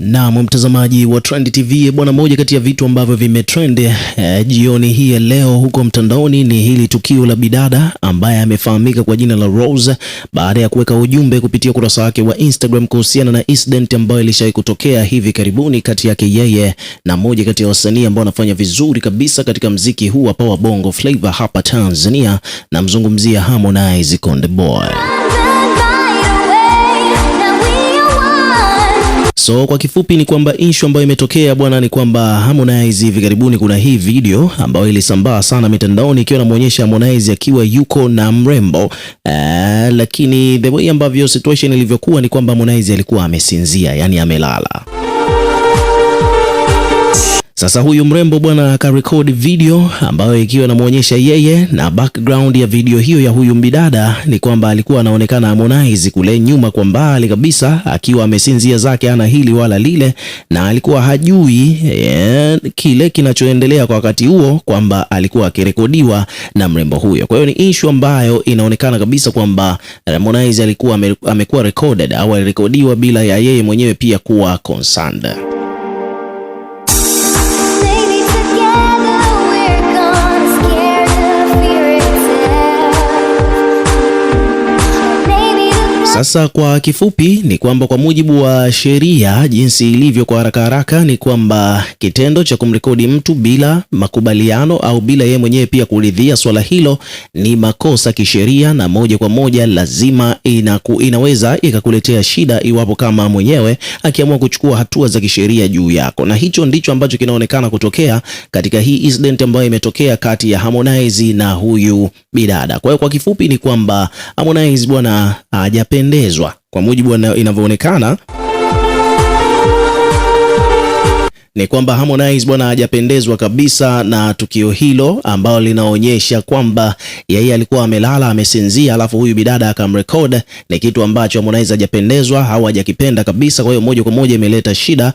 Naam, mtazamaji wa Trend TV bwana, moja kati ya vitu ambavyo vimetrend eh, jioni hii ya leo huko mtandaoni ni hili tukio la bidada ambaye amefahamika kwa jina la Rose, baada ya kuweka ujumbe kupitia ukurasa wake wa Instagram kuhusiana na incident ambayo ilishawahi kutokea hivi karibuni kati yake yeye na moja kati ya wasanii ambao wanafanya vizuri kabisa katika mziki huu wa Power Bongo Flava hapa Tanzania, namzungumzia Harmonize Konde Boy. So kwa kifupi ni kwamba issue ambayo imetokea bwana ni kwamba Harmonize hivi karibuni, kuna hii video ambayo ilisambaa sana mitandaoni ikiwa inamuonyesha Harmonize akiwa yuko na mrembo uh, lakini the way ambavyo situation ilivyokuwa ni kwamba Harmonize alikuwa amesinzia, yani amelala. Sasa huyu mrembo bwana akarekodi video ambayo ikiwa inamwonyesha yeye, na background ya video hiyo ya huyu mbidada ni kwamba alikuwa anaonekana Harmonize kule nyuma kwa mbali kabisa, akiwa amesinzia zake, ana hili wala lile, na alikuwa hajui yeah, kile kinachoendelea kwa wakati huo, kwamba alikuwa akirekodiwa na mrembo huyo. Kwa hiyo ni issue ambayo inaonekana kabisa kwamba Harmonize alikuwa amekuwa recorded au alirekodiwa bila ya yeye mwenyewe pia kuwa concerned. Sasa kwa kifupi ni kwamba kwa mujibu wa sheria jinsi ilivyo kwa haraka haraka ni kwamba kitendo cha kumrekodi mtu bila makubaliano au bila yeye mwenyewe pia kuridhia swala hilo ni makosa kisheria, na moja kwa moja lazima inaku, inaweza ikakuletea shida iwapo kama mwenyewe akiamua kuchukua hatua za kisheria juu yako, na hicho ndicho ambacho kinaonekana kutokea katika hii incident ambayo imetokea kati ya Harmonize na huyu bidada. Kwa hiyo kwa kifupi ni kwamba Harmonize bwana hajapenda kupendezwa kwa mujibu inavyoonekana ni kwamba Harmonize bwana hajapendezwa kabisa na tukio hilo, ambalo linaonyesha kwamba yeye alikuwa amelala amesinzia, alafu huyu bidada akamrekod. Ni kitu ambacho Harmonize hajapendezwa au hajakipenda kabisa, kwa hiyo moja kwa moja imeleta shida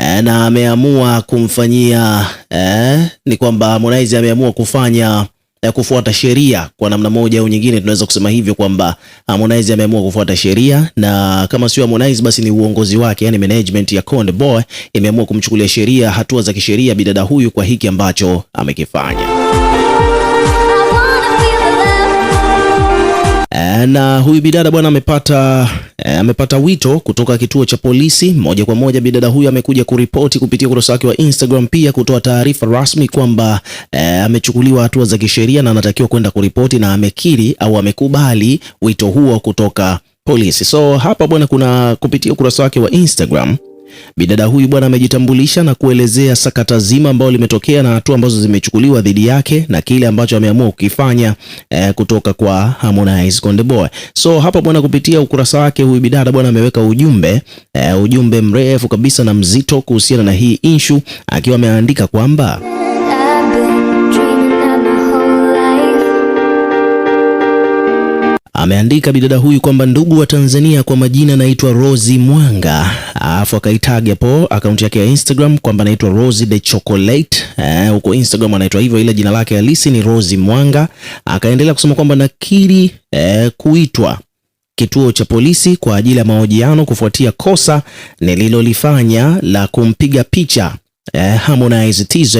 eh, na ameamua kumfanyia eh, ni kwamba Harmonize ameamua kufanya kufuata sheria kwa namna moja au nyingine, tunaweza kusema hivyo kwamba ah, Harmonize ameamua kufuata sheria, na kama sio Harmonize basi ni uongozi wake, yani management ya Konde Boy imeamua kumchukulia sheria, hatua za kisheria bidada huyu kwa hiki ambacho amekifanya. Eh, na huyu bidada bwana amepata eh, amepata wito kutoka kituo cha polisi moja kwa moja. Bidada huyu amekuja kuripoti kupitia ukurasa wake wa Instagram, pia kutoa taarifa rasmi kwamba eh, amechukuliwa hatua za kisheria na anatakiwa kwenda kuripoti, na amekiri au amekubali wito huo kutoka polisi. So hapa bwana, kuna kupitia ukurasa wake wa Instagram Bidada huyu bwana amejitambulisha na kuelezea sakata zima ambayo limetokea na hatua ambazo zimechukuliwa dhidi yake na kile ambacho ameamua kukifanya eh, kutoka kwa Harmonize Konde Boy. So hapa bwana, kupitia ukurasa wake huyu bidada bwana ameweka ujumbe eh, ujumbe mrefu kabisa na mzito kuhusiana na hii issue akiwa ameandika kwamba ameandika bidada huyu kwamba ndugu wa Tanzania, kwa majina naitwa rosi Mwanga, alafu akaitag hapo akaunti yake ya Instagram kwamba naitwa rosi the Chocolate eh, huko eh, Instagram anaitwa hivyo, ile jina lake halisi ni rosi Mwanga. Akaendelea kusema kwamba nakiri eh, kuitwa kituo cha polisi kwa ajili ya mahojiano kufuatia kosa nililolifanya la kumpiga picha eh, Harmonize TZ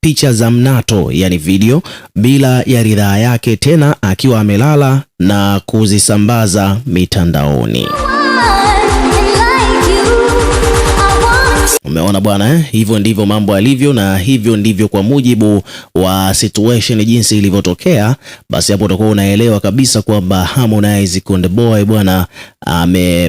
picha za mnato yani video bila ya ridhaa yake, tena akiwa amelala na kuzisambaza mitandaoni. Umeona bwana eh? Hivyo ndivyo mambo yalivyo, na hivyo ndivyo kwa mujibu wa situation jinsi ilivyotokea. Basi hapo utakuwa unaelewa kabisa kwamba Harmonize Konde Boy bwana ame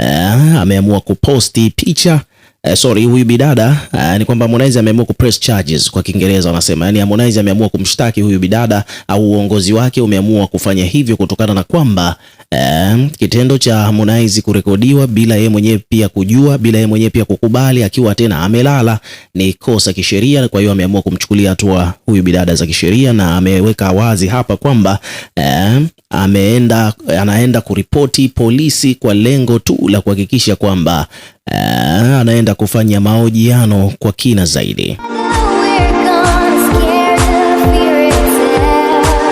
eh, ameamua kuposti picha Uh, sorry huyu bidada uh, eh, ni kwamba Harmonize ameamua ku press charges kwa Kiingereza wanasema, yani Harmonize ameamua kumshtaki huyu bidada au uh, uongozi wake umeamua kufanya hivyo kutokana na kwamba uh, kitendo cha Harmonize kurekodiwa bila yeye mwenyewe pia kujua, bila yeye mwenyewe pia kukubali, akiwa tena amelala ni kosa kisheria. Kwa hiyo ameamua kumchukulia hatua huyu bidada za kisheria, na ameweka wazi hapa kwamba uh, ameenda anaenda kuripoti polisi kwa lengo tu la kuhakikisha kwamba Eh, anaenda kufanya mahojiano kwa kina zaidi.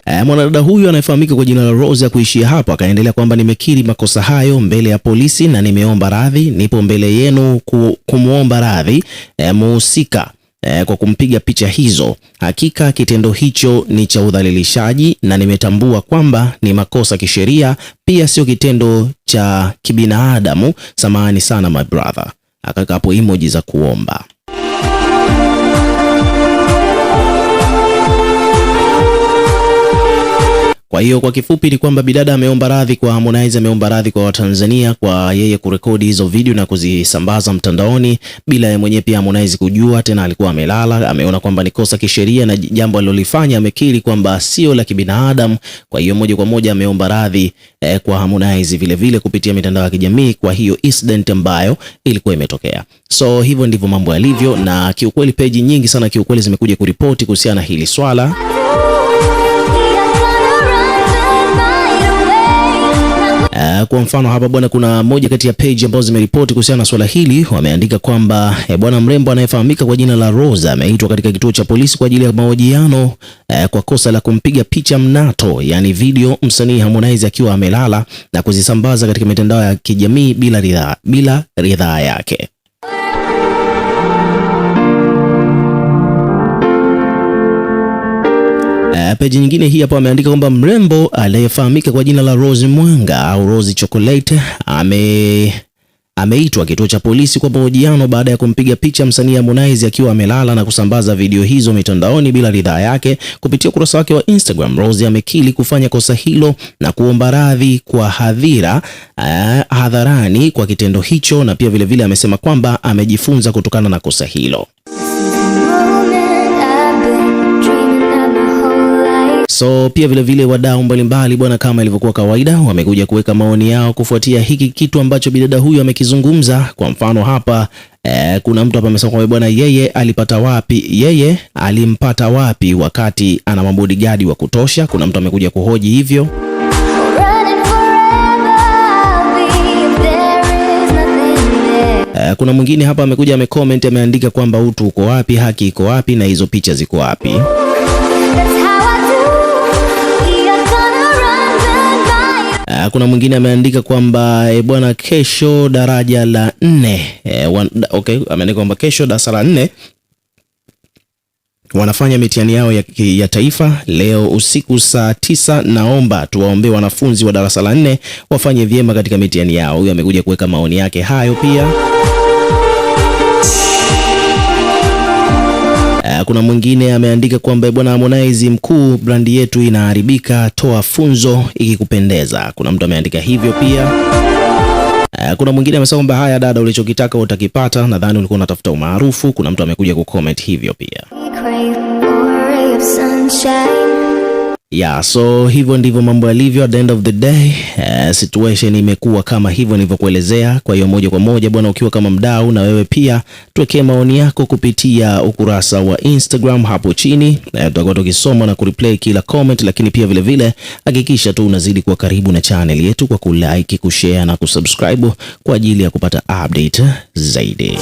Eh, mwanadada huyu anayefahamika kwa jina la Rose ya kuishia hapo, akaendelea kwamba nimekiri makosa hayo mbele ya polisi na nimeomba radhi, nipo mbele yenu kumwomba radhi e, muhusika Eh, kwa kumpiga picha hizo. Hakika kitendo hicho ni cha udhalilishaji na nimetambua kwamba ni makosa kisheria, pia sio kitendo cha kibinadamu. Samahani sana my brother. Akaweka hapo emoji za kuomba. Kwa hiyo kwa kifupi ni kwamba bidada ameomba radhi kwa Harmonize, ameomba radhi kwa Watanzania kwa yeye kurekodi hizo video na kuzisambaza mtandaoni bila yeye mwenyewe pia Harmonize kujua. Tena alikuwa amelala, ameona kwamba ni kosa kisheria na jambo alilolifanya amekiri kwamba sio la kibinadamu. Kwa hiyo moja kwa moja ameomba radhi eh, kwa Harmonize vile vile kupitia mitandao ya kijamii kwa hiyo incident ambayo ilikuwa imetokea. So hivyo ndivyo mambo yalivyo, na kiukweli peji nyingi sana kiukweli zimekuja kuripoti kuhusiana hili swala. Uh, kwa mfano hapa bwana, kuna moja kati ya page ambazo zimeripoti kuhusiana na swala hili. Wameandika kwamba eh, bwana mrembo anayefahamika kwa jina la Rosa ameitwa katika kituo cha polisi kwa ajili ya mahojiano eh, kwa kosa la kumpiga picha mnato, yani video, msanii Harmonize akiwa amelala na kuzisambaza katika mitandao ya kijamii bila ridhaa bila ridhaa yake. Uh, peji nyingine hii hapo ameandika kwamba mrembo aliyefahamika kwa jina la Rose Mwanga au Rose Chocolate ame ameitwa kituo cha polisi kwa mahojiano baada ya kumpiga picha msanii Harmonize akiwa amelala na kusambaza video hizo mitandaoni bila ridhaa yake. Kupitia ukurasa wake wa Instagram, Rose amekiri kufanya kosa hilo na kuomba radhi kwa hadhira eh, hadharani kwa kitendo hicho, na pia vilevile vile amesema kwamba amejifunza kutokana na kosa hilo. So pia vilevile wadau mbalimbali bwana, kama ilivyokuwa kawaida, wamekuja kuweka maoni yao kufuatia hiki kitu ambacho bidada huyu amekizungumza. Kwa mfano hapa e, kuna mtu hapa amesema kwamba bwana, yeye alipata wapi, yeye alimpata wapi wakati ana mabodigadi wa kutosha. Kuna mtu amekuja kuhoji hivyo. Eh, kuna mwingine hapa amekuja amecomment, ameandika kwamba utu uko wapi, haki iko wapi, na hizo picha ziko wapi? kuna mwingine ameandika kwamba e, bwana kesho daraja la nne e, wan, okay, ameandika kwamba kesho darasa la nne wanafanya mitihani yao ya, ya taifa leo usiku saa tisa. Naomba tuwaombee wanafunzi wa darasa la nne wafanye vyema katika mitihani yao. Huyo amekuja kuweka maoni yake hayo pia. Eh, kuna mwingine ameandika kwamba bwana Harmonize mkuu, brandi yetu inaharibika, toa funzo ikikupendeza. Kuna mtu ameandika hivyo pia. Eh, kuna mwingine amesema kwamba haya dada, ulichokitaka utakipata, nadhani ulikuwa unatafuta umaarufu. Kuna mtu amekuja kucomment hivyo pia. Yeah, so hivyo ndivyo mambo yalivyo at the end of the day. Uh, situation imekuwa kama hivyo nilivyokuelezea. Kwa hiyo moja kwa moja bwana, ukiwa kama mdau na wewe pia tuwekee maoni yako kupitia ukurasa wa Instagram hapo chini. Uh, tutakuwa tukisoma na kureplay kila comment, lakini pia vile vile hakikisha tu unazidi kuwa karibu na channel yetu kwa kulike, kushare na kusubscribe kwa ajili ya kupata update zaidi.